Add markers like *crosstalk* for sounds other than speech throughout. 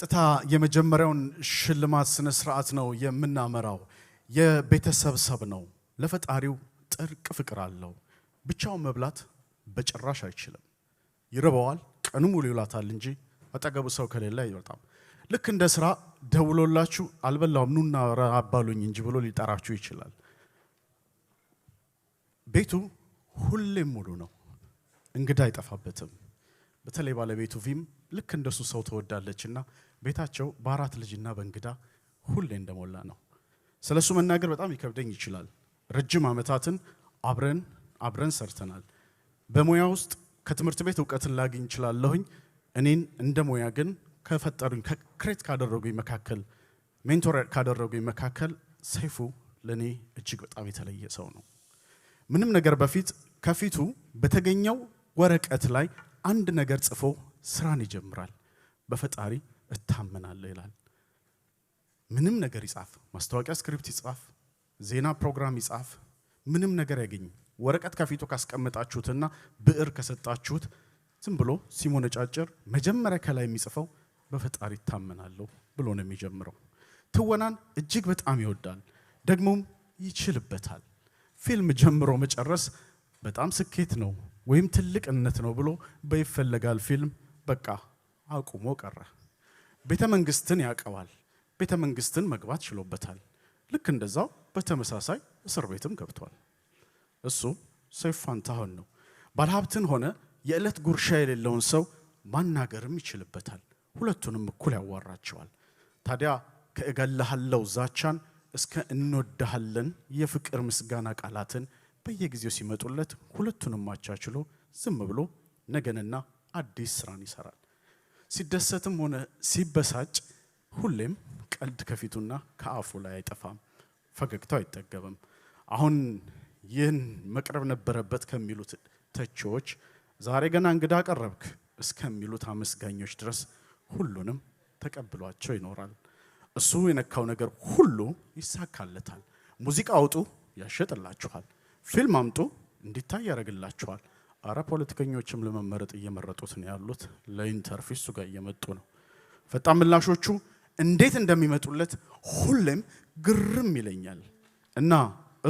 በቀጥታ የመጀመሪያውን ሽልማት ስነ ስርዓት ነው የምናመራው። የቤተሰብሰብ ነው። ለፈጣሪው ጥልቅ ፍቅር አለው። ብቻውን መብላት በጭራሽ አይችልም። ይርበዋል፣ ቀኑ ሙሉ ይውላታል እንጂ አጠገቡ ሰው ከሌለ አይወጣም። ልክ እንደ ስራ ደውሎላችሁ አልበላውም ኑና አባሉኝ እንጂ ብሎ ሊጠራችሁ ይችላል። ቤቱ ሁሌም ሙሉ ነው። እንግዳ አይጠፋበትም። በተለይ ባለቤቱ ቪም ልክ እንደሱ ሰው እና ቤታቸው በአራት ልጅና በእንግዳ ሁሌ እንደሞላ ነው። ስለ እሱ መናገር በጣም ይከብደኝ ይችላል። ረጅም ዓመታትን አብረን አብረን ሰርተናል። በሙያ ውስጥ ከትምህርት ቤት እውቀትን ላግኝ እችላለሁኝ። እኔን እንደ ሙያ ግን ከፈጠሩኝ ክሬት ካደረጉኝ መካከል ሜንቶር ካደረጉኝ መካከል ሰይፉ ለእኔ እጅግ በጣም የተለየ ሰው ነው። ምንም ነገር በፊት ከፊቱ በተገኘው ወረቀት ላይ አንድ ነገር ጽፎ ስራን ይጀምራል። በፈጣሪ እታመናለሁ ይላል። ምንም ነገር ይጻፍ፣ ማስታወቂያ ስክሪፕት ይጻፍ፣ ዜና ፕሮግራም ይጻፍ፣ ምንም ነገር ያገኝ ወረቀት ከፊቱ ካስቀመጣችሁትና ብዕር ከሰጣችሁት ዝም ብሎ ሲሞነ ጫጭር መጀመሪያ ከላይ የሚጽፈው በፈጣሪ ይታመናለሁ ብሎ ነው የሚጀምረው። ትወናን እጅግ በጣም ይወዳል፣ ደግሞም ይችልበታል። ፊልም ጀምሮ መጨረስ በጣም ስኬት ነው ወይም ትልቅነት ነው ብሎ በይፈለጋል ፊልም በቃ አቁሞ ቀረ። ቤተ መንግስትን ያውቀዋል። ቤተ መንግስትን መግባት ችሎበታል። ልክ እንደዛው በተመሳሳይ እስር ቤትም ገብቷል። እሱ ሰይፋንታሁን ነው። ባለሀብትን ሆነ የዕለት ጉርሻ የሌለውን ሰው ማናገርም ይችልበታል። ሁለቱንም እኩል ያዋራቸዋል። ታዲያ ከእገልሃለው ዛቻን እስከ እንወድሃለን የፍቅር ምስጋና ቃላትን በየጊዜው ሲመጡለት ሁለቱንም አቻችሎ ዝም ብሎ ነገንና አዲስ ስራን ይሰራል። ሲደሰትም ሆነ ሲበሳጭ ሁሌም ቀልድ ከፊቱና ከአፉ ላይ አይጠፋም፣ ፈገግታው አይጠገብም። አሁን ይህን መቅረብ ነበረበት ከሚሉት ተቺዎች ዛሬ ገና እንግዳ ቀረብክ እስከሚሉት አመስጋኞች ድረስ ሁሉንም ተቀብሏቸው ይኖራል። እሱ የነካው ነገር ሁሉ ይሳካለታል። ሙዚቃ አውጡ፣ ያሸጥላችኋል። ፊልም አምጡ፣ እንዲታይ ያደርግላችኋል። አረ ፖለቲከኞችም ለመመረጥ እየመረጡት ነው ያሉት። ለኢንተርፌስ እሱ ጋር እየመጡ ነው። ፈጣን ምላሾቹ እንዴት እንደሚመጡለት ሁሌም ግርም ይለኛል እና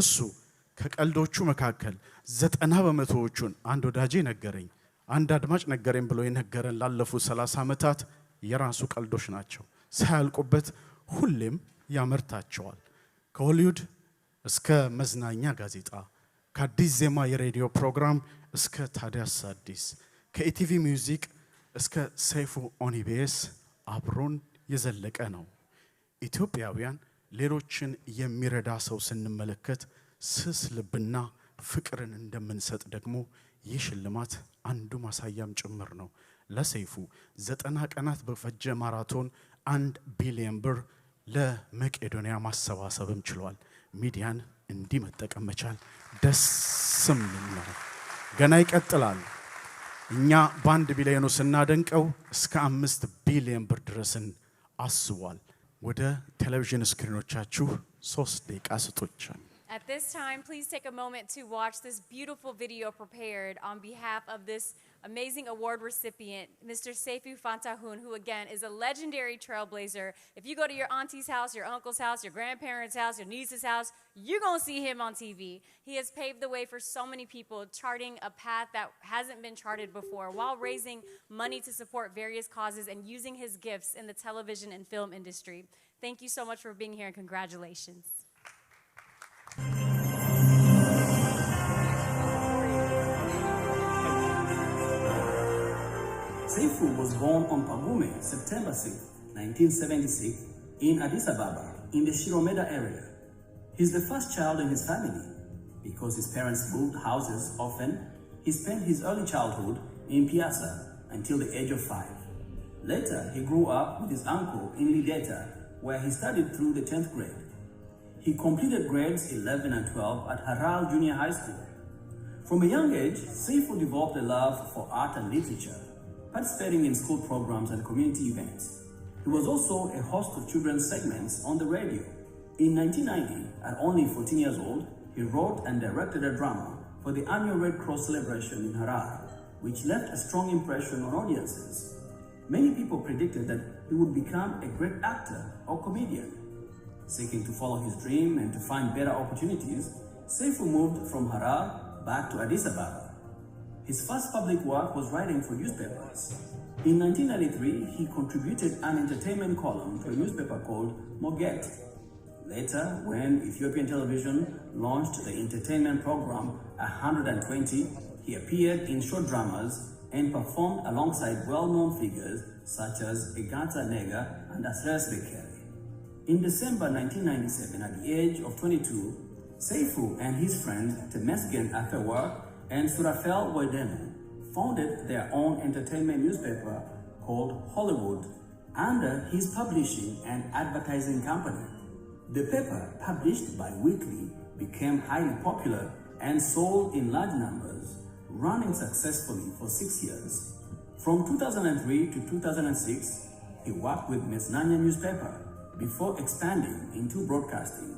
እሱ ከቀልዶቹ መካከል ዘጠና በመቶዎቹን አንድ ወዳጄ ነገረኝ፣ አንድ አድማጭ ነገረኝ ብሎ የነገረን ላለፉት 30 ዓመታት የራሱ ቀልዶች ናቸው። ሳያልቁበት ሁሌም ያመርታቸዋል። ከሆሊውድ እስከ መዝናኛ ጋዜጣ ከአዲስ ዜማ የሬዲዮ ፕሮግራም እስከ ታዲያስ አዲስ፣ ከኢቲቪ ሚውዚክ እስከ ሰይፉ ኦኒቤስ አብሮን የዘለቀ ነው። ኢትዮጵያውያን ሌሎችን የሚረዳ ሰው ስንመለከት ስስ ልብና ፍቅርን እንደምንሰጥ ደግሞ ይህ ሽልማት አንዱ ማሳያም ጭምር ነው። ለሰይፉ ዘጠና ቀናት በፈጀ ማራቶን አንድ ቢሊየን ብር ለመቄዶንያ ማሰባሰብም ችሏል። ሚዲያን እንዲህ መጠቀም መቻል ደስም ነው። ገና ይቀጥላል። እኛ በአንድ ቢሊዮኑ ስናደንቀው እስከ አምስት ቢሊዮን ብር ድረስን አስቧል። ወደ ቴሌቪዥን ስክሪኖቻችሁ ሶስት ደቂቃ ስጦቻል At this time, please take a moment to watch this beautiful video prepared on behalf of this amazing award recipient, Mr. Seifu Fantahun, who again is a legendary trailblazer. If you go to your auntie's house, your uncle's house, your grandparents' house, your niece's house, you're gonna see him on TV. He has paved the way for so many people, charting a path that hasn't been charted before while raising money to support various causes and using his gifts in the television and film industry. Thank you so much for being here and congratulations. Seifu was born on Pagume, September 6, 1976, in Addis Ababa, in the Shiromeda area. He's the first child in his family. Because his parents moved houses often, he spent his early childhood in Piazza until the age of five. Later, he grew up with his uncle in Lideta, where he studied through the 10th grade. He completed grades 11 and 12 at Haral Junior High School. From a young age, Seifu developed a love for art and literature, participating in school programs and community events. He was also a host of children's segments on the radio. In 1990, at only 14 years old, he wrote and directed a drama for the annual Red Cross celebration in Harar, which left a strong impression on audiences. Many people predicted that he would become a great actor or comedian seeking to follow his dream and to find better opportunities, Seifu moved from Harar back to Addis Ababa. His first public work was writing for newspapers. In 1993, he contributed an entertainment column to a newspaper called Moget. Later, when Ethiopian television launched the entertainment program 120, he appeared in short dramas and performed alongside well-known figures such as Egata Nega and Asres Beker. In December 1997, at the age of 22, Seifu and his friends Temesgen Atewa and Surafel Wedenu founded their own entertainment newspaper called Hollywood under his publishing and advertising company. The paper, published bi-weekly, became highly popular and sold in large numbers, running successfully for six years. From 2003 to 2006, he worked with Mesnanya newspaper before expanding into broadcasting.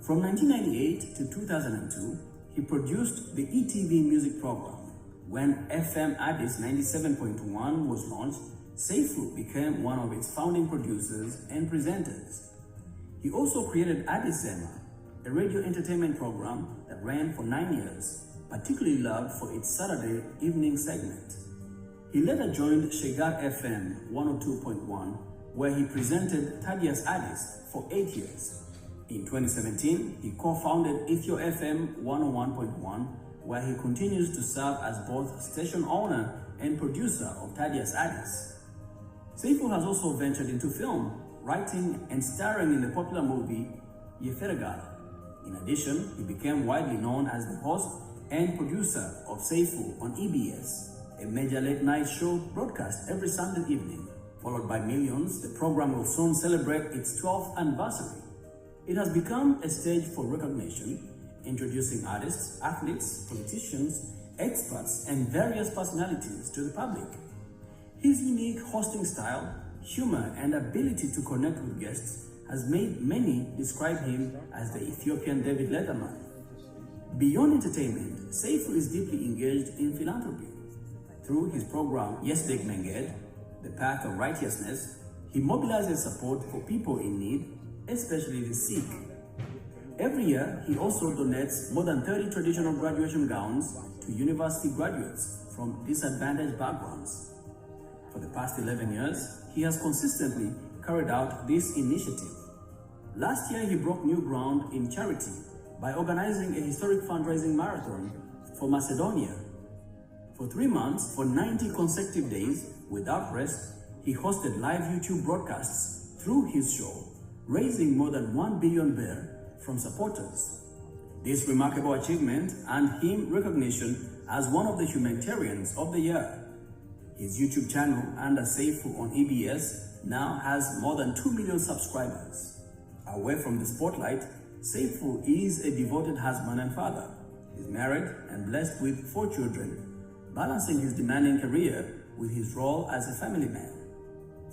From 1998 to 2002, he produced the ETV music program. When FM Addis 97.1 was launched, Seifu became one of its founding producers and presenters. He also created Addis Zema, a radio entertainment program that ran for nine years, particularly loved for its Saturday evening segment. He later joined Shegar FM 102.1 where he presented Thaddeus Addis for eight years. In 2017, he co-founded Ethio FM 101.1, where he continues to serve as both station owner and producer of Thaddeus Addis. Seifu has also ventured into film, writing and starring in the popular movie Yeferegal. In addition, he became widely known as the host and producer of Seifu on EBS, a major late-night show broadcast every Sunday evening Followed by millions, the program will soon celebrate its 12th anniversary. It has become a stage for recognition, introducing artists, athletes, politicians, experts, and various personalities to the public. His unique hosting style, humor, and ability to connect with guests has made many describe him as the Ethiopian David Letterman. Beyond entertainment, Seifu is deeply engaged in philanthropy. Through his program Yes Big Menged, the path of righteousness, he mobilizes support for people in need, especially the sick. Every year, he also donates more than 30 traditional graduation gowns to university graduates from disadvantaged backgrounds. For the past 11 years, he has consistently carried out this initiative. Last year, he broke new ground in charity by organizing a historic fundraising marathon for Macedonia for three months, for 90 consecutive days, without rest, he hosted live YouTube broadcasts through his show, raising more than 1 billion bear from supporters. This remarkable achievement earned him recognition as one of the humanitarians of the year. His YouTube channel, Under Seifu on EBS, now has more than 2 million subscribers. Away from the spotlight, Seifu is a devoted husband and father. He's married and blessed with four children balancing his demanding career with his role as a family man.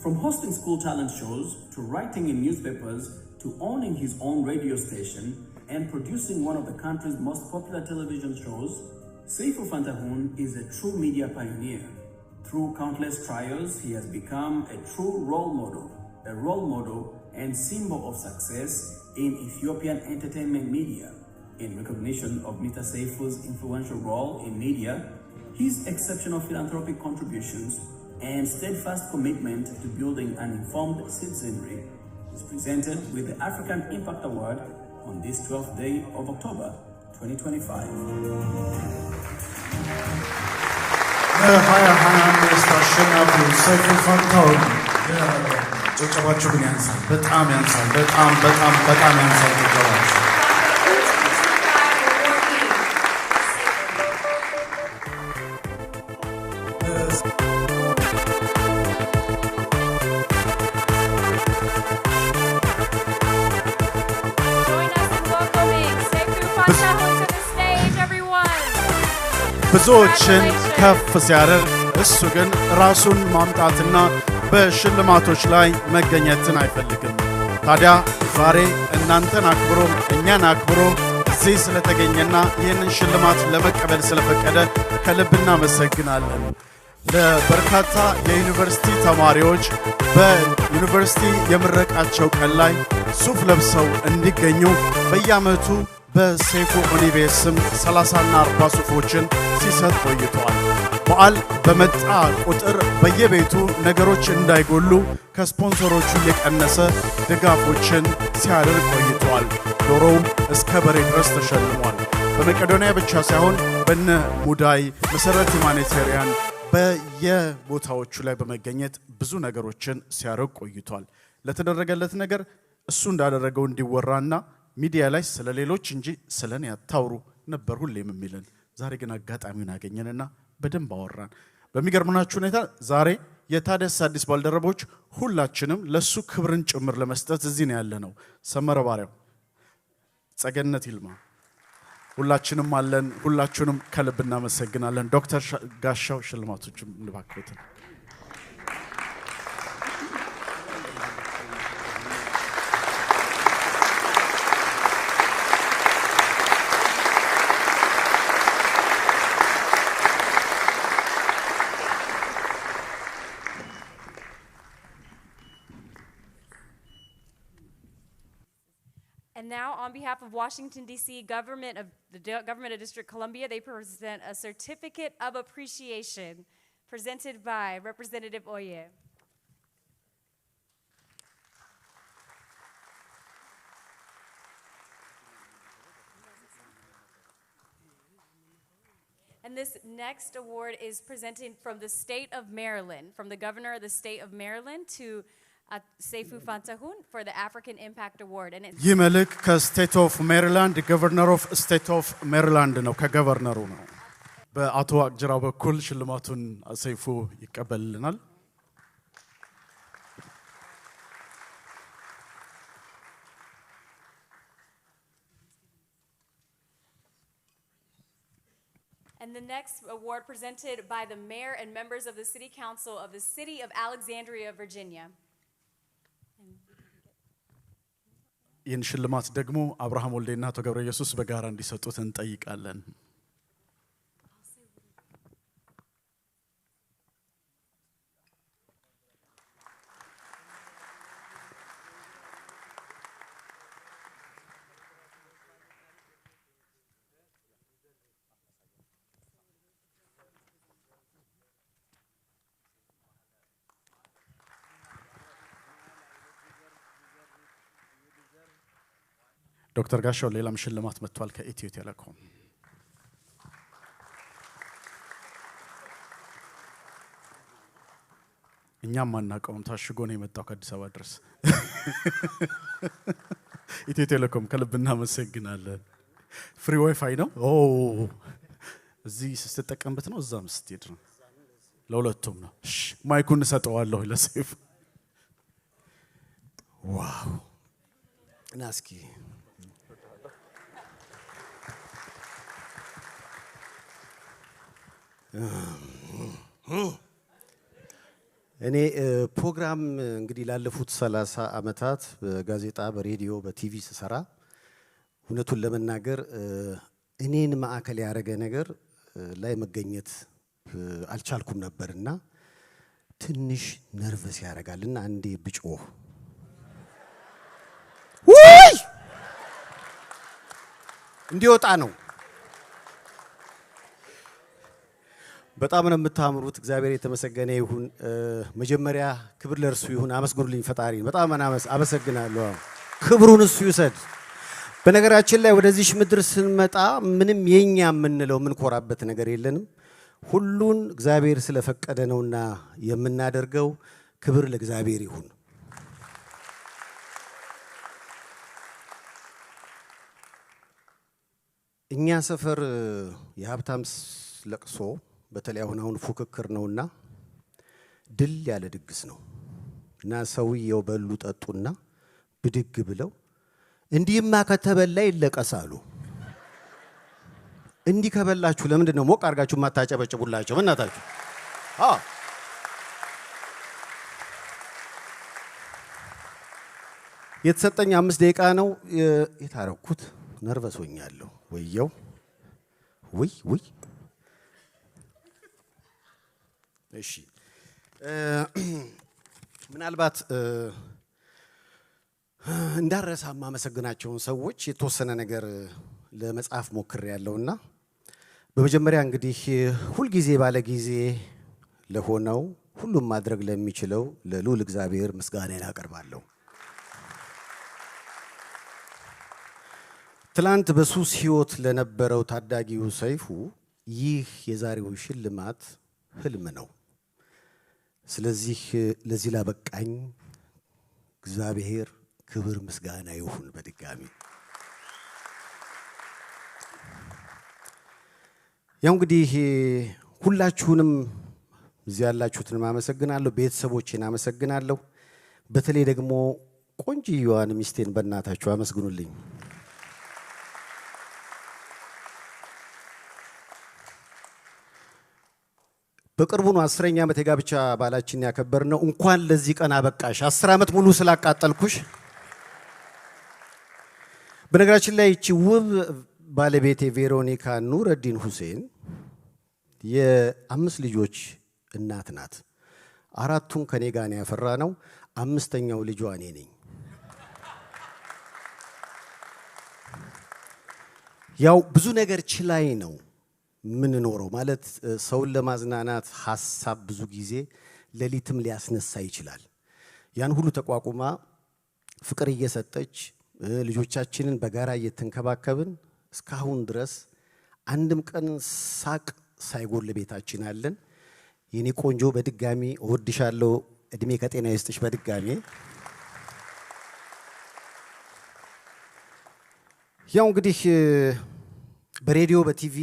From hosting school talent shows to writing in newspapers to owning his own radio station and producing one of the country's most popular television shows, Seifu Fantahun is a true media pioneer. Through countless trials, he has become a true role model, a role model and symbol of success in Ethiopian entertainment media. In recognition of Mr. Seifu's influential role in media, his exceptional philanthropic contributions and steadfast commitment to building an informed citizenry is presented with the African Impact Award on this 12th day of October 2025. ብዙዎችን ከፍ ሲያደርግ እሱ ግን ራሱን ማምጣትና በሽልማቶች ላይ መገኘትን አይፈልግም። ታዲያ ዛሬ እናንተን አክብሮ እኛን አክብሮ እዚህ ስለተገኘና ይህንን ሽልማት ለመቀበል ስለፈቀደ ከልብ እናመሰግናለን። ለበርካታ የዩኒቨርሲቲ ተማሪዎች በዩኒቨርሲቲ የምረቃቸው ቀን ላይ ሱፍ ለብሰው እንዲገኙ በየዓመቱ በሴፉ ኦኒቤስ ስም 30ና 40 ሱፎችን ሲሰጥ ቆይቷል። በዓል በመጣ ቁጥር በየቤቱ ነገሮች እንዳይጎሉ ከስፖንሰሮቹ የቀነሰ ድጋፎችን ሲያደርግ ቆይቷል። ዶሮውም እስከ በሬ ድረስ ተሸልሟል። በመቄዶንያ ብቻ ሳይሆን በነ ሙዳይ መሰረት ሁማኒቴሪያን በየቦታዎቹ ላይ በመገኘት ብዙ ነገሮችን ሲያደርግ ቆይቷል። ለተደረገለት ነገር እሱ እንዳደረገው እንዲወራና ሚዲያ ላይ ስለ ሌሎች እንጂ ስለ እኔ አታውሩ ነበር ሁሌም የሚለን። ዛሬ ግን አጋጣሚውን አገኘንና በደንብ አወራን። በሚገርምናችሁ ሁኔታ ዛሬ የታደስ አዲስ ባልደረቦች ሁላችንም ለእሱ ክብርን ጭምር ለመስጠት እዚህ ነው ያለ ነው። ሰመረ ባሪያው፣ ጸገነት ይልማ ሁላችንም አለን። ሁላችሁንም ከልብ እናመሰግናለን። ዶክተር ጋሻው ሽልማቶችም ልባክበትን And now, on behalf of Washington, D.C., government of the government of District Columbia, they present a certificate of appreciation presented by Representative Oye. And this next award is presented from the state of Maryland, from the governor of the state of Maryland to Seifu Fantahun for the African Impact Award. And it's Yimelik State of Maryland, Governor of State of Maryland, and no, Governor. No. በአቶ አቅጅራ በኩል ሽልማቱን ሰይፉ ይቀበልልናል። And the next award presented by the mayor and members of the city council of the city of Alexandria, Virginia. ይህን ሽልማት ደግሞ አብርሃም ወልዴና አቶ ገብረ ኢየሱስ በጋራ እንዲሰጡት እንጠይቃለን። ዶክተር ጋሻው ሌላም ሽልማት መጥቷል ከኢትዮ ቴሌኮም። እኛም አናውቀውም፣ ታሽጎ ነው የመጣው ከአዲስ አበባ ድረስ። ኢትዮ ቴሌኮም ከልብ እናመሰግናለን። ፍሪ ዋይፋይ ነው። እዚህ ስትጠቀምበት ነው፣ እዛም ስትሄድ ነው፣ ለሁለቱም ነው። ማይኩን እሰጠዋለሁ ለሴፍ ዋው እና እኔ ፕሮግራም እንግዲህ ላለፉት 30 ዓመታት በጋዜጣ በሬዲዮ በቲቪ ስሰራ እውነቱን ለመናገር እኔን ማዕከል ያደረገ ነገር ላይ መገኘት አልቻልኩም ነበር እና ትንሽ ነርቨስ ያደርጋልና አንዴ ብጮህ እንዲወጣ ነው በጣም ነው የምታምሩት። እግዚአብሔር የተመሰገነ ይሁን። መጀመሪያ ክብር ለእርሱ ይሁን። አመስግኑልኝ ፈጣሪ። በጣም አመሰግናለሁ። ክብሩን እሱ ይውሰድ። በነገራችን ላይ ወደዚች ምድር ስንመጣ ምንም የኛ የምንለው የምንኮራበት ነገር የለንም። ሁሉን እግዚአብሔር ስለፈቀደ ነውና የምናደርገው። ክብር ለእግዚአብሔር ይሁን። እኛ ሰፈር የሀብታም ለቅሶ በተለይ አሁን አሁን ፉክክር ነውና ድል ያለ ድግስ ነው እና ሰውየው በሉ ጠጡና ብድግ ብለው እንዲህማ ከተበላ ይለቀሳሉ። እንዲህ ከበላችሁ ለምንድን ነው ሞቅ አድርጋችሁ የማታጨበጭቡላቸው? በእናታችሁ የተሰጠኝ አምስት ደቂቃ ነው የታረኩት። ነርቨስ ሆኛለሁ። ወየው ውይ ውይ እሺ *clears throat* ምናልባት እንዳረሳ የማመሰግናቸውን ሰዎች የተወሰነ ነገር ለመጽሐፍ ሞክር ያለውና በመጀመሪያ እንግዲህ ሁልጊዜ ባለ ጊዜ ለሆነው ሁሉም ማድረግ ለሚችለው ለልዑል እግዚአብሔር ምስጋና አቀርባለሁ። ትላንት በሱስ ህይወት ለነበረው ታዳጊው ሰይፉ ይህ የዛሬው ሽልማት ህልም ነው። ስለዚህ ለዚህ ላበቃኝ እግዚአብሔር ክብር ምስጋና ይሁን። በድጋሚ ያው እንግዲህ ሁላችሁንም እዚህ ያላችሁትንም አመሰግናለሁ፣ ቤተሰቦቼን አመሰግናለሁ። በተለይ ደግሞ ዮሐን ሚስቴን በእናታችሁ አመስግኑልኝ። በቅርቡ ነው አስረኛ ዓመት የጋብቻ ባላችን ነው። እንኳን ለዚህ ቀን አበቃሽ፣ አስር ዓመት ሙሉ ስላቃጠልኩሽ። በነገራችን ላይ ይቺ ውብ ባለቤቴ ቬሮኒካ ኑረዲን ሁሴን የአምስት ልጆች እናት ናት። አራቱን ከኔ ጋር ያፈራ ነው። አምስተኛው ልጇ እኔ ነኝ። ያው ብዙ ነገር ችላይ ነው ምንኖረው ማለት ሰውን ለማዝናናት ሀሳብ ብዙ ጊዜ ሌሊትም ሊያስነሳ ይችላል። ያን ሁሉ ተቋቁማ ፍቅር እየሰጠች ልጆቻችንን በጋራ እየተንከባከብን እስካሁን ድረስ አንድም ቀን ሳቅ ሳይጎል ቤታችን አለን። የኔ ቆንጆ በድጋሚ እወድሻለሁ። እድሜ ከጤና ይስጥሽ። በድጋሚ ያው እንግዲህ በሬዲዮ በቲቪ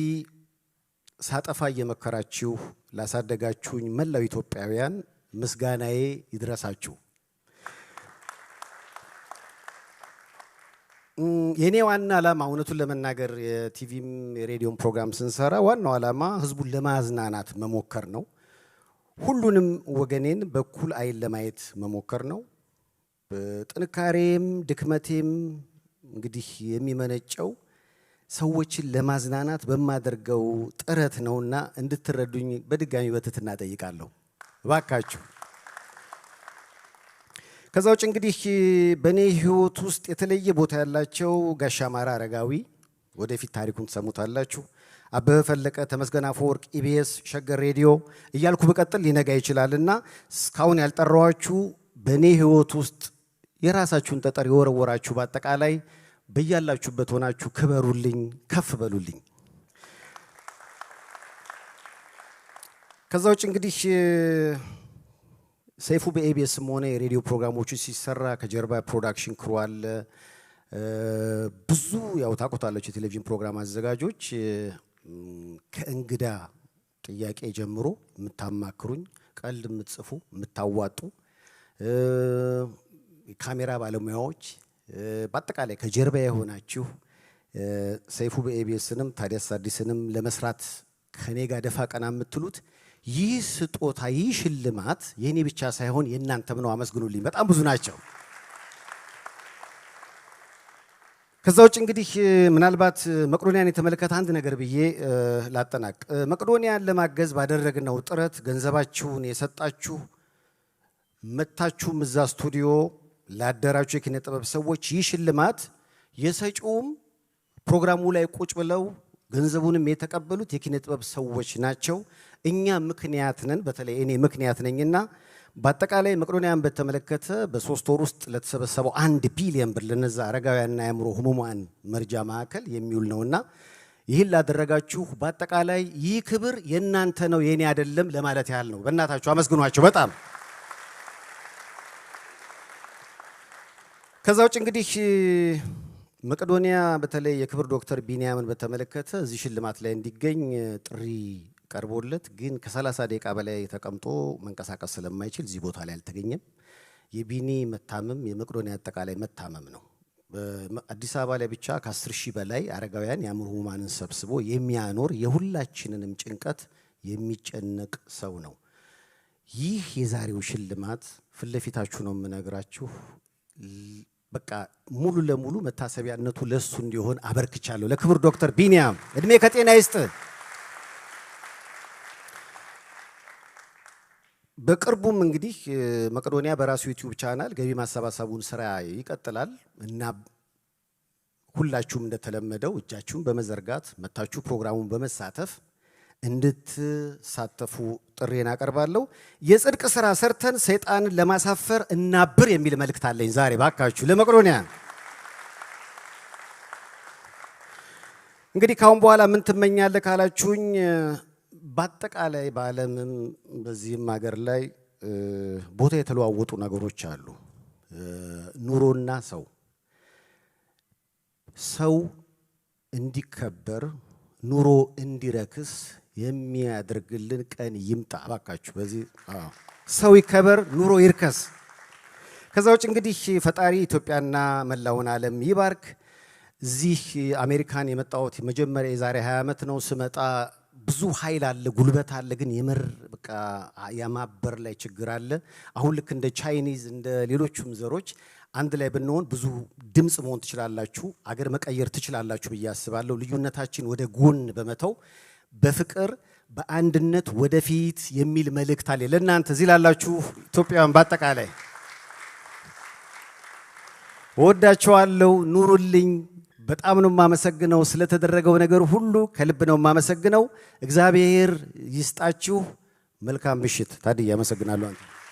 ሳጠፋ እየመከራችሁ ላሳደጋችሁኝ መላው ኢትዮጵያውያን ምስጋናዬ ይድረሳችሁ። የእኔ ዋና ዓላማ እውነቱን ለመናገር የቲቪም የሬዲዮም ፕሮግራም ስንሰራ ዋናው ዓላማ ህዝቡን ለማዝናናት መሞከር ነው። ሁሉንም ወገኔን በኩል አይን ለማየት መሞከር ነው። ጥንካሬም ድክመቴም እንግዲህ የሚመነጨው ሰዎችን ለማዝናናት በማደርገው ጥረት ነውና እንድትረዱኝ በድጋሚ በትት ጠይቃለሁ። እባካችሁ ከዛ ውጭ እንግዲህ በእኔ ህይወት ውስጥ የተለየ ቦታ ያላቸው ጋሻ አማራ አረጋዊ ወደፊት ታሪኩን ትሰሙታላችሁ። አበበ ፈለቀ፣ ተመስገን አፈወርቅ፣ ኢቢኤስ፣ ሸገር ሬዲዮ እያልኩ በቀጥል ሊነጋ ይችላል እና እስካሁን ያልጠራዋችሁ በእኔ ህይወት ውስጥ የራሳችሁን ጠጠር የወረወራችሁ በአጠቃላይ በያላችሁበት ሆናችሁ ክበሩልኝ፣ ከፍ በሉልኝ። ከዛ ውጭ እንግዲህ ሰይፉ በኤቢኤስም ሆነ የሬዲዮ ፕሮግራሞቹ ሲሰራ ከጀርባ ፕሮዳክሽን ክሩ አለ። ብዙ ያው የቴሌቪዥን ፕሮግራም አዘጋጆች ከእንግዳ ጥያቄ ጀምሮ የምታማክሩኝ፣ ቀልድ የምትጽፉ፣ የምታዋጡ ካሜራ ባለሙያዎች በአጠቃላይ ከጀርባ የሆናችሁ ሰይፉ በኤቢኤስንም ታዲያስ አዲስንም ለመስራት ከኔ ጋር ደፋ ቀና የምትሉት ይህ ስጦታ ይህ ሽልማት የእኔ ብቻ ሳይሆን የእናንተም ነው። አመስግኑልኝ። በጣም ብዙ ናቸው። ከዛ ውጭ እንግዲህ ምናልባት መቅዶኒያን የተመለከተ አንድ ነገር ብዬ ላጠናቅ። መቅዶኒያን ለማገዝ ባደረግነው ጥረት ገንዘባችሁን የሰጣችሁ መታችሁም እዛ ስቱዲዮ ላደራችሁ የኪነ ጥበብ ሰዎች ይህ ሽልማት የሰጪውም ፕሮግራሙ ላይ ቁጭ ብለው ገንዘቡንም የተቀበሉት የኪነ ጥበብ ሰዎች ናቸው። እኛ ምክንያት ነን፣ በተለይ እኔ ምክንያት ነኝና በአጠቃላይ መቄዶንያን በተመለከተ በሶስት ወር ውስጥ ለተሰበሰበው አንድ ቢሊየን ብር ለነዛ አረጋውያንና የአእምሮ ህሙማን መርጃ ማዕከል የሚውል ነውና ይህን ላደረጋችሁ በአጠቃላይ ይህ ክብር የእናንተ ነው የእኔ አይደለም ለማለት ያህል ነው። በእናታችሁ አመስግኗቸው በጣም ከዛ ውጭ እንግዲህ መቄዶንያ በተለይ የክብር ዶክተር ቢንያምን በተመለከተ እዚህ ሽልማት ላይ እንዲገኝ ጥሪ ቀርቦለት ግን ከ30 ደቂቃ በላይ ተቀምጦ መንቀሳቀስ ስለማይችል እዚህ ቦታ ላይ አልተገኘም። የቢኒ መታመም የመቄዶንያ አጠቃላይ መታመም ነው። አዲስ አበባ ላይ ብቻ ከ10 ሺህ በላይ አረጋውያን የአእምሮ ህሙማንን ሰብስቦ የሚያኖር የሁላችንንም ጭንቀት የሚጨነቅ ሰው ነው። ይህ የዛሬው ሽልማት ፊት ለፊታችሁ ነው የምነግራችሁ በቃ ሙሉ ለሙሉ መታሰቢያነቱ ለሱ እንዲሆን አበርክቻለሁ። ለክቡር ዶክተር ቢኒያም እድሜ ከጤና ይስጥ። በቅርቡም እንግዲህ መቄዶንያ በራሱ ዩቲዩብ ቻናል ገቢ ማሰባሰቡን ስራ ይቀጥላል እና ሁላችሁም እንደተለመደው እጃችሁን በመዘርጋት መታችሁ ፕሮግራሙን በመሳተፍ እንድትሳተፉ ጥሬን አቀርባለሁ። የጽድቅ ስራ ሰርተን ሰይጣንን ለማሳፈር እናብር የሚል መልእክት አለኝ ዛሬ ባካችሁ ለመቄዶንያ። እንግዲህ ካሁን በኋላ ምን ትመኛለህ ካላችሁኝ፣ በአጠቃላይ በዓለምም በዚህም ሀገር ላይ ቦታ የተለዋወጡ ነገሮች አሉ። ኑሮና ሰው ሰው እንዲከበር ኑሮ እንዲረክስ የሚያደርግልን ቀን ይምጣ እባካችሁ። በዚህ ሰው ይከበር፣ ኑሮ ይርከስ። ከዛ ውጭ እንግዲህ ፈጣሪ ኢትዮጵያና መላውን ዓለም ይባርክ። እዚህ አሜሪካን የመጣሁት መጀመሪያ የዛሬ 20 ዓመት ነው። ስመጣ ብዙ ኃይል አለ፣ ጉልበት አለ። ግን የምር በቃ የማበር ላይ ችግር አለ። አሁን ልክ እንደ ቻይኒዝ እንደ ሌሎቹም ዘሮች አንድ ላይ ብንሆን ብዙ ድምፅ መሆን ትችላላችሁ፣ አገር መቀየር ትችላላችሁ ብዬ አስባለሁ። ልዩነታችን ወደ ጎን በመተው በፍቅር በአንድነት ወደፊት የሚል መልእክት አለ ለእናንተ እዚህ ላላችሁ ኢትዮጵያውያን በአጠቃላይ እወዳችኋለሁ። ኑሩልኝ። በጣም ነው የማመሰግነው ስለተደረገው ነገር ሁሉ ከልብ ነው የማመሰግነው። እግዚአብሔር ይስጣችሁ። መልካም ምሽት። ታዲያ አመሰግናለሁ አንተ